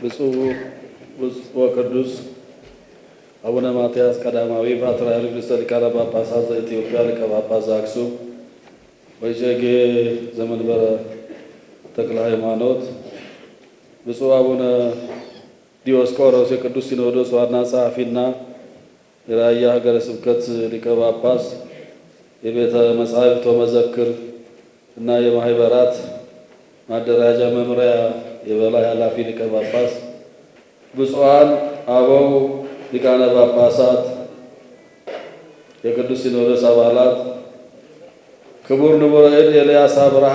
ብፁዕ ወቅዱስ አቡነ ማትያስ ቀዳማዊ ፓትርያርክ ርእሰ ሊቃነ ጳጳሳት ዘኢትዮጵያ ሊቀ ጳጳስ ዘአክሱም ወእጨጌ ዘመንበረ ተክለ ሃይማኖት፣ ብፁዕ አቡነ ዲዮስቆሮስ የቅዱስ ሲኖዶስ ዋና ጸሐፊና የራያ ሀገረ ስብከት ሊቀ ጳጳስ፣ የቤተ መጻሕፍት ወመዘክር እና የማህበራት ማደራጃ መምሪያ የበላይ ኃላፊ ሊቀ ጳጳስ፣ ብፁዓን አበው ሊቃነ ጳጳሳት፣ የቅዱስ ሲኖዶስ አባላት፣ ክቡር ንቡረ እድ ኤልያስ አብርሃ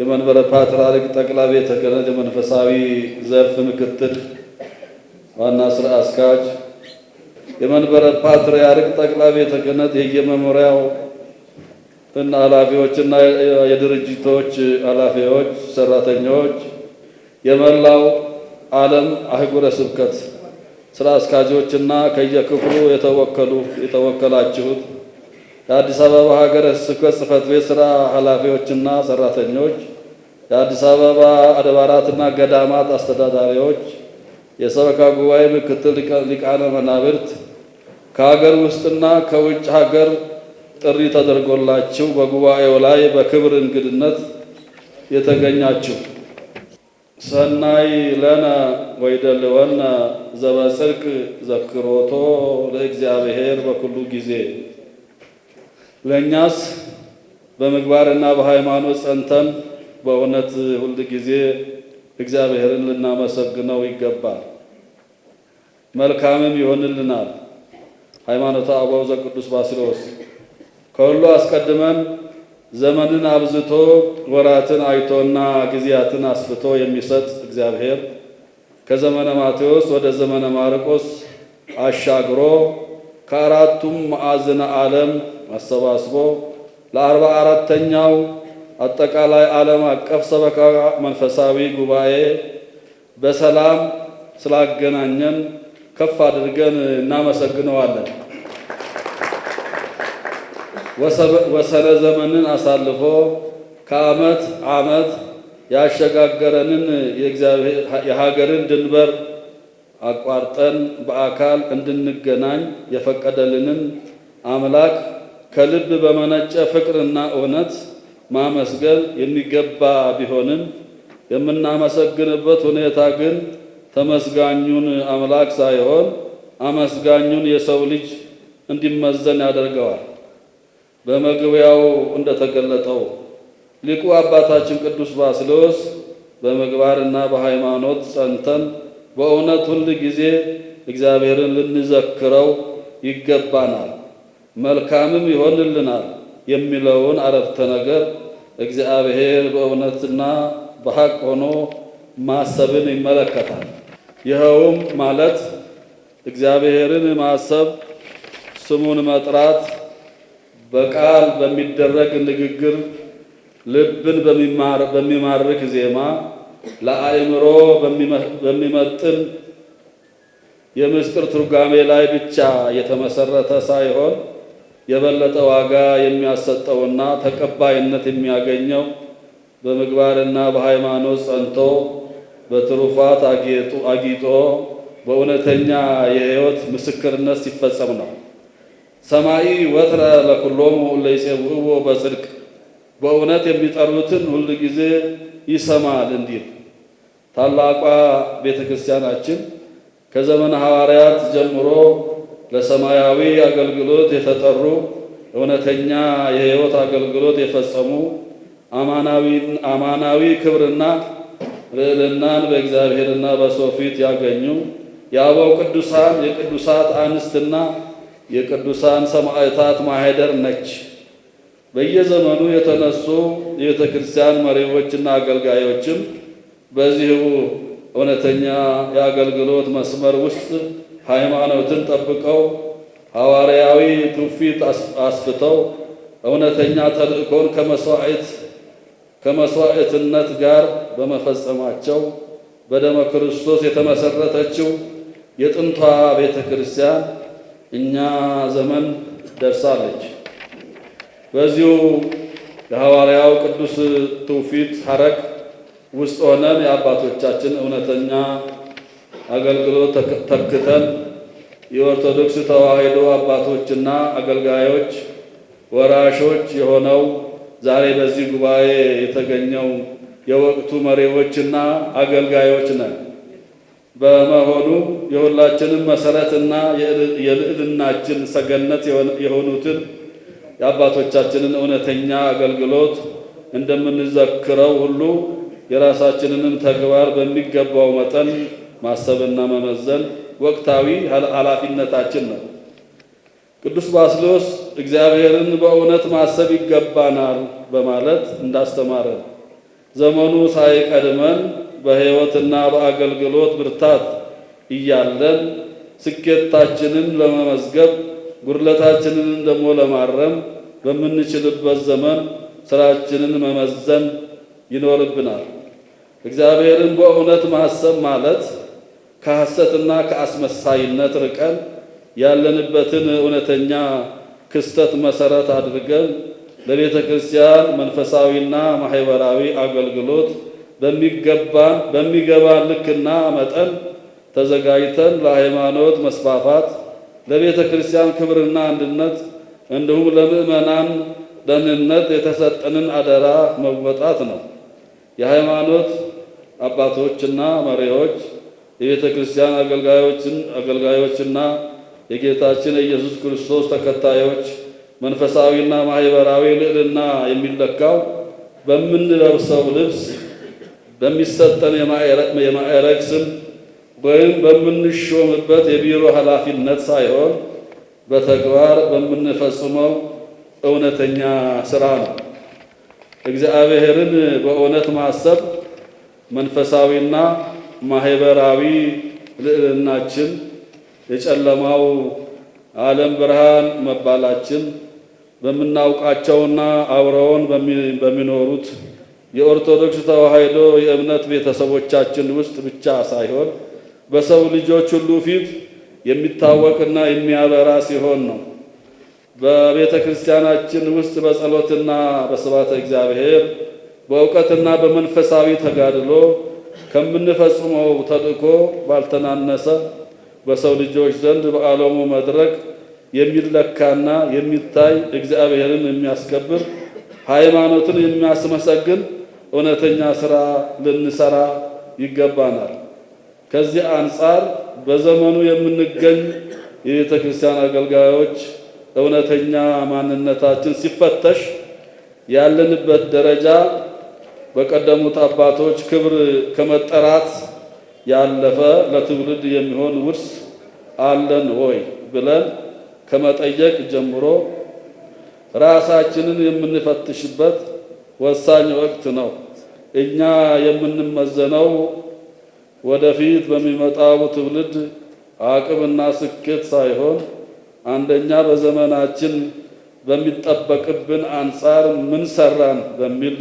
የመንበረ ፓትርያርክ ጠቅላይ ቤተ ክህነት የመንፈሳዊ ዘርፍ ምክትል ዋና ስራ አስኪያጅ፣ የመንበረ ፓትርያርክ ጠቅላይ ቤተ ክህነት የየመምሪያው እና ኃላፊዎችና የድርጅቶች ኃላፊዎች፣ ሰራተኞች የመላው ዓለም አህጉረ ስብከት ስራ አስካጆችና ከየክፍሉ የተወከሉ የተወከላችሁት የአዲስ አበባ ሀገረ ስብከት ጽሕፈት ቤት ስራ ኃላፊዎችና ሰራተኞች፣ የአዲስ አበባ አድባራትና ገዳማት አስተዳዳሪዎች፣ የሰበካ ጉባኤ ምክትል ሊቃነ መናብርት፣ ከሀገር ውስጥና ከውጭ ሀገር ጥሪ ተደርጎላችሁ በጉባኤው ላይ በክብር እንግድነት የተገኛችሁ ሰናይ ለነ ወይደልወነ ዘበጽድቅ ዘክሮቶ ለእግዚአብሔር በኩሉ ጊዜ። ለእኛስ በምግባርና በሃይማኖት ጸንተን በእውነት ሁል ጊዜ እግዚአብሔርን ልናመሰግነው ይገባል። መልካምም ይሆንልናል። ሃይማኖተ አበው ዘቅዱስ ባስሎስ ከሁሉ አስቀድመን ዘመንን አብዝቶ ወራትን አይቶና ጊዜያትን አስፍቶ የሚሰጥ እግዚአብሔር ከዘመነ ማቴዎስ ወደ ዘመነ ማርቆስ አሻግሮ ከአራቱም ማዕዘነ ዓለም አሰባስቦ ለአርባ አራተኛው አጠቃላይ ዓለም አቀፍ ሰበካ መንፈሳዊ ጉባኤ በሰላም ስላገናኘን ከፍ አድርገን እናመሰግነዋለን። ወሰነ ዘመንን አሳልፎ ከዓመት ዓመት ያሸጋገረንን የሀገርን ድንበር አቋርጠን በአካል እንድንገናኝ የፈቀደልንን አምላክ ከልብ በመነጨ ፍቅርና እውነት ማመስገን የሚገባ ቢሆንም የምናመሰግንበት ሁኔታ ግን ተመስጋኙን አምላክ ሳይሆን አመስጋኙን የሰው ልጅ እንዲመዘን ያደርገዋል። በመግቢያው እንደተገለጠው ሊቁ አባታችን ቅዱስ ባስልዮስ በምግባርና በሃይማኖት ጸንተን በእውነት ሁል ጊዜ እግዚአብሔርን ልንዘክረው ይገባናል፣ መልካምም ይሆንልናል የሚለውን አረፍተ ነገር እግዚአብሔር በእውነትና በሐቅ ሆኖ ማሰብን ይመለከታል። ይኸውም ማለት እግዚአብሔርን ማሰብ፣ ስሙን መጥራት በቃል በሚደረግ ንግግር ልብን በሚማርክ ዜማ ለአእምሮ በሚመጥን የምስጢር ትርጓሜ ላይ ብቻ የተመሰረተ ሳይሆን የበለጠ ዋጋ የሚያሰጠውና ተቀባይነት የሚያገኘው በምግባርና በሃይማኖት ጸንቶ በትሩፋት አጊጦ በእውነተኛ የሕይወት ምስክርነት ሲፈጸም ነው። ሰማይ ወትረ ለኩሎሙ ለይሴብዕዎ በጽድቅ በእውነት የሚጠሩትን ሁል ጊዜ ይሰማል እንዲል ታላቋ ቤተ ክርስቲያናችን ከዘመነ ሐዋርያት ጀምሮ ለሰማያዊ አገልግሎት የተጠሩ እውነተኛ የሕይወት አገልግሎት የፈጸሙ አማናዊ ክብርና ልዕልናን በእግዚአብሔርና በሰው ፊት ያገኙ የአበው ቅዱሳን የቅዱሳት አንስትና የቅዱሳን ሰማዕታት ማህደር ነች። በየዘመኑ የተነሱ የቤተ ክርስቲያን መሪዎችና አገልጋዮችም በዚሁ እውነተኛ የአገልግሎት መስመር ውስጥ ሃይማኖትን ጠብቀው ሐዋርያዊ ትውፊት አስፍተው እውነተኛ ተልእኮን ከመስዋዕትነት ጋር በመፈጸማቸው በደመ ክርስቶስ የተመሰረተችው የጥንቷ ቤተ ክርስቲያን እኛ ዘመን ደርሳለች። በዚሁ የሐዋርያው ቅዱስ ትውፊት ሐረግ ውስጥ ሆነን የአባቶቻችን እውነተኛ አገልግሎት ተክተን የኦርቶዶክስ ተዋሕዶ አባቶችና አገልጋዮች ወራሾች የሆነው ዛሬ በዚህ ጉባኤ የተገኘው የወቅቱ መሪዎችና አገልጋዮች ነን። በመሆኑ የሁላችንም መሰረትና የልዕልናችን ሰገነት የሆኑትን የአባቶቻችንን እውነተኛ አገልግሎት እንደምንዘክረው ሁሉ የራሳችንንም ተግባር በሚገባው መጠን ማሰብና መመዘን ወቅታዊ ኃላፊነታችን ነው። ቅዱስ ባስልዮስ እግዚአብሔርን በእውነት ማሰብ ይገባናል በማለት እንዳስተማረ ዘመኑ ሳይቀድመን በሕይወትና በአገልግሎት ብርታት እያለን ስኬታችንን ለመመዝገብ ጉድለታችንን ደግሞ ለማረም በምንችልበት ዘመን ስራችንን መመዘን ይኖርብናል። እግዚአብሔርን በእውነት ማሰብ ማለት ከሐሰትና ከአስመሳይነት ርቀን ያለንበትን እውነተኛ ክስተት መሰረት አድርገን ለቤተ ክርስቲያን መንፈሳዊና ማህበራዊ አገልግሎት በሚገባ ልክና መጠን ተዘጋጅተን ለሃይማኖት መስፋፋት ለቤተ ክርስቲያን ክብርና አንድነት እንዲሁም ለምዕመናን ደህንነት የተሰጠንን አደራ መወጣት ነው። የሃይማኖት አባቶችና መሪዎች፣ የቤተ ክርስቲያን አገልጋዮችና የጌታችን የኢየሱስ ክርስቶስ ተከታዮች መንፈሳዊና ማህበራዊ ልዕልና የሚለካው በምንለብሰው ልብስ በሚሰጠን የማዕረግ ስም ወይም በምንሾምበት የቢሮ ኃላፊነት ሳይሆን በተግባር በምንፈጽመው እውነተኛ ስራ ነው። እግዚአብሔርን በእውነት ማሰብ መንፈሳዊና ማህበራዊ ልዕልናችን፣ የጨለማው ዓለም ብርሃን መባላችን በምናውቃቸውና አብረውን በሚኖሩት የኦርቶዶክስ ተዋሕዶ የእምነት ቤተሰቦቻችን ውስጥ ብቻ ሳይሆን በሰው ልጆች ሁሉ ፊት የሚታወቅና የሚያበራ ሲሆን ነው። በቤተ ክርስቲያናችን ውስጥ በጸሎትና በስብሐተ እግዚአብሔር በእውቀትና በመንፈሳዊ ተጋድሎ ከምንፈጽመው ተልእኮ ባልተናነሰ በሰው ልጆች ዘንድ በዓለሙ መድረክ የሚለካና የሚታይ እግዚአብሔርን የሚያስከብር ሃይማኖትን የሚያስመሰግን እውነተኛ ስራ ልንሰራ ይገባናል። ከዚህ አንጻር በዘመኑ የምንገኝ የቤተ ክርስቲያን አገልጋዮች እውነተኛ ማንነታችን ሲፈተሽ ያለንበት ደረጃ በቀደሙት አባቶች ክብር ከመጠራት ያለፈ ለትውልድ የሚሆን ውርስ አለን ወይ ብለን ከመጠየቅ ጀምሮ ራሳችንን የምንፈትሽበት ወሳኝ ወቅት ነው። እኛ የምንመዘነው ወደፊት በሚመጣው ትውልድ አቅምና ስኬት ሳይሆን አንደኛ በዘመናችን በሚጠበቅብን አንጻር ምን ሰራን በሚል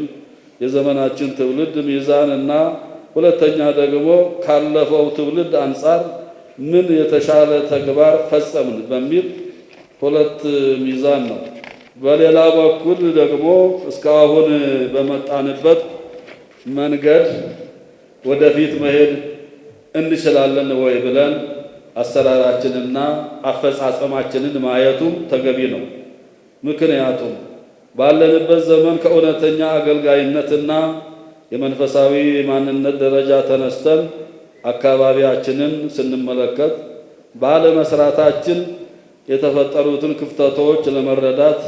የዘመናችን ትውልድ ሚዛን እና ሁለተኛ ደግሞ ካለፈው ትውልድ አንጻር ምን የተሻለ ተግባር ፈጸምን በሚል ሁለት ሚዛን ነው። በሌላ በኩል ደግሞ እስካሁን በመጣንበት መንገድ ወደፊት መሄድ እንችላለን ወይ ብለን አሰራራችንና አፈጻጸማችንን ማየቱ ተገቢ ነው። ምክንያቱም ባለንበት ዘመን ከእውነተኛ አገልጋይነትና የመንፈሳዊ ማንነት ደረጃ ተነስተን አካባቢያችንን ስንመለከት ባለመስራታችን የተፈጠሩትን ክፍተቶች ለመረዳት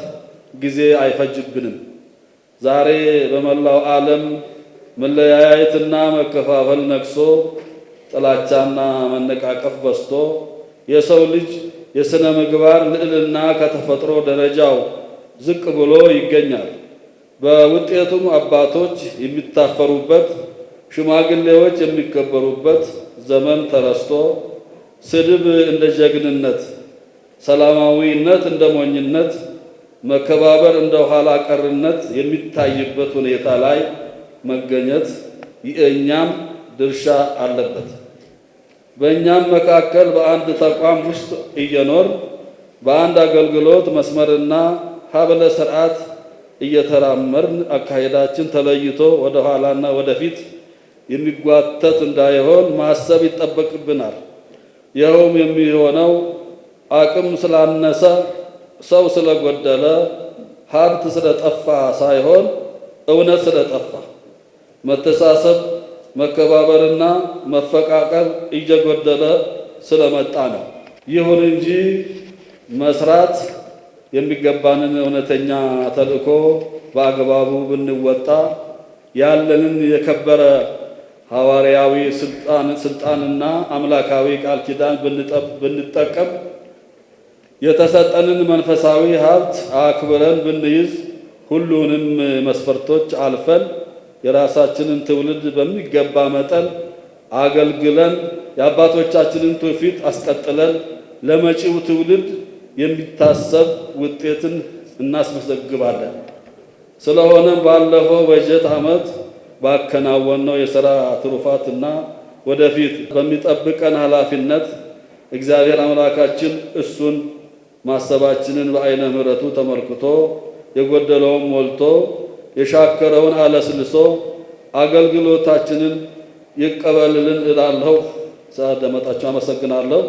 ጊዜ አይፈጅብንም። ዛሬ በመላው ዓለም መለያየትና መከፋፈል ነግሶ ጥላቻና መነቃቀፍ በስቶ የሰው ልጅ የሥነ ምግባር ልዕልና ከተፈጥሮ ደረጃው ዝቅ ብሎ ይገኛል። በውጤቱም አባቶች የሚታፈሩበት፣ ሽማግሌዎች የሚከበሩበት ዘመን ተረስቶ ስድብ እንደ ጀግንነት፣ ሰላማዊነት እንደ ሞኝነት፣ መከባበር እንደ ኋላ ቀርነት የሚታይበት ሁኔታ ላይ መገኘት የእኛም ድርሻ አለበት። በእኛም መካከል በአንድ ተቋም ውስጥ እየኖር በአንድ አገልግሎት መስመርና ሀብለ ስርዓት እየተራመርን አካሄዳችን ተለይቶ ወደ ኋላና ወደፊት የሚጓተት እንዳይሆን ማሰብ ይጠበቅብናል። ይኸውም የሚሆነው አቅም ስላነሰ፣ ሰው ስለጎደለ፣ ሀብት ስለጠፋ ሳይሆን እውነት ስለጠፋ መተሳሰብ፣ መከባበርና መፈቃቀር እየጎደለ ስለመጣ ነው። ይሁን እንጂ መስራት የሚገባንን እውነተኛ ተልእኮ በአግባቡ ብንወጣ ያለንን የከበረ ሐዋርያዊ ስልጣንና አምላካዊ ቃል ኪዳን ብንጠቀም የተሰጠንን መንፈሳዊ ሀብት አክብረን ብንይዝ ሁሉንም መስፈርቶች አልፈን የራሳችንን ትውልድ በሚገባ መጠን አገልግለን የአባቶቻችንን ትውፊት አስቀጥለን ለመጪው ትውልድ የሚታሰብ ውጤትን እናስመዘግባለን። ስለሆነም ባለፈው በጀት ዓመት ባከናወነው የሥራ ትሩፋትና ወደፊት በሚጠብቀን ኃላፊነት እግዚአብሔር አምላካችን እሱን ማሰባችንን በዓይነ ምሕረቱ ተመልክቶ የጎደለውም ሞልቶ የሻከረውን አለስልሶ አገልግሎታችንን ይቀበልልን እላለሁ። ስላደመጣችሁ አመሰግናለሁ።